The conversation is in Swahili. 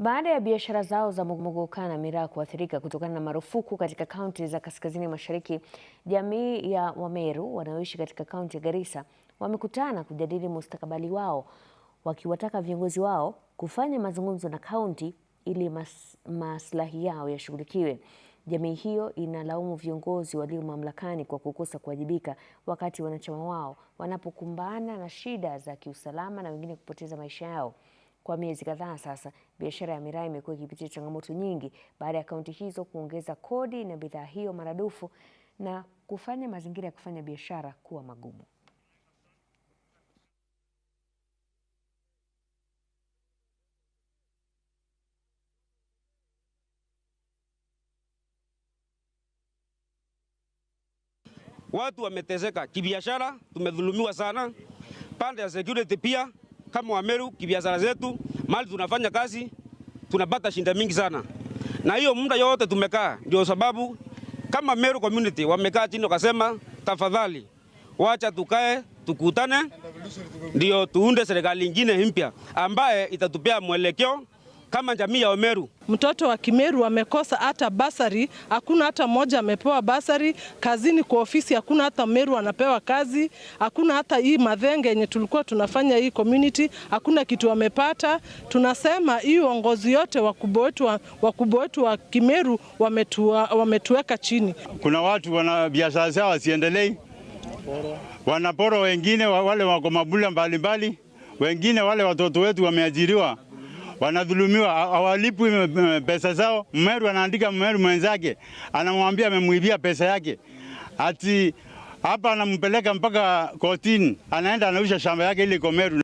Baada ya biashara zao za muguka na miraa kuathirika kutokana na marufuku katika kaunti za kaskazini mashariki, jamii ya Wameru wanaoishi katika kaunti ya Garissa wamekutana kujadili mustakabali wao, wakiwataka viongozi wao kufanya mazungumzo na kaunti ili mas, maslahi yao yashughulikiwe. Jamii hiyo inalaumu viongozi walio mamlakani kwa kukosa kuwajibika wakati wanachama wao wanapokumbana na shida za kiusalama na wengine kupoteza maisha yao. Kwa miezi kadhaa sasa, biashara ya miraa imekuwa ikipitia changamoto nyingi baada ya kaunti hizo kuongeza kodi na bidhaa hiyo maradufu na kufanya mazingira ya kufanya biashara kuwa magumu. Watu wameteseka kibiashara, tumedhulumiwa sana, pande ya security pia kama Wameru kibiashara zetu, mali tunafanya kazi tunapata shinda mingi sana, na hiyo muda yote tumekaa. Ndio sababu kama Meru community wamekaa chini wakasema, tafadhali wacha tukae tukutane, ndio tuunde serikali nyingine mpya ambaye itatupea mwelekeo kama jamii ya Omeru. Mtoto wa Kimeru amekosa hata basari, hakuna hata mmoja amepewa basari. Kazini kwa ofisi hakuna hata Meru anapewa kazi, hakuna hata hii madhenge yenye tulikuwa tunafanya hii community, hakuna kitu wamepata. Tunasema hii uongozi yote wakubwa wetu wa, wakubwa wetu wa Kimeru wametua, wametuweka chini. Kuna watu wana biashara zao wasiendelei, wanaporo wengine, wale wako mabula mbalimbali, wengine wale watoto wetu wameajiriwa wanadhulumiwa, hawalipwi eh, eh, pesa zao. Mmeru anaandika Mmeru mwenzake anamwambia amemwibia pesa yake, ati hapa anampeleka mpaka kotini, anaenda anausha shamba yake ile iko Meru.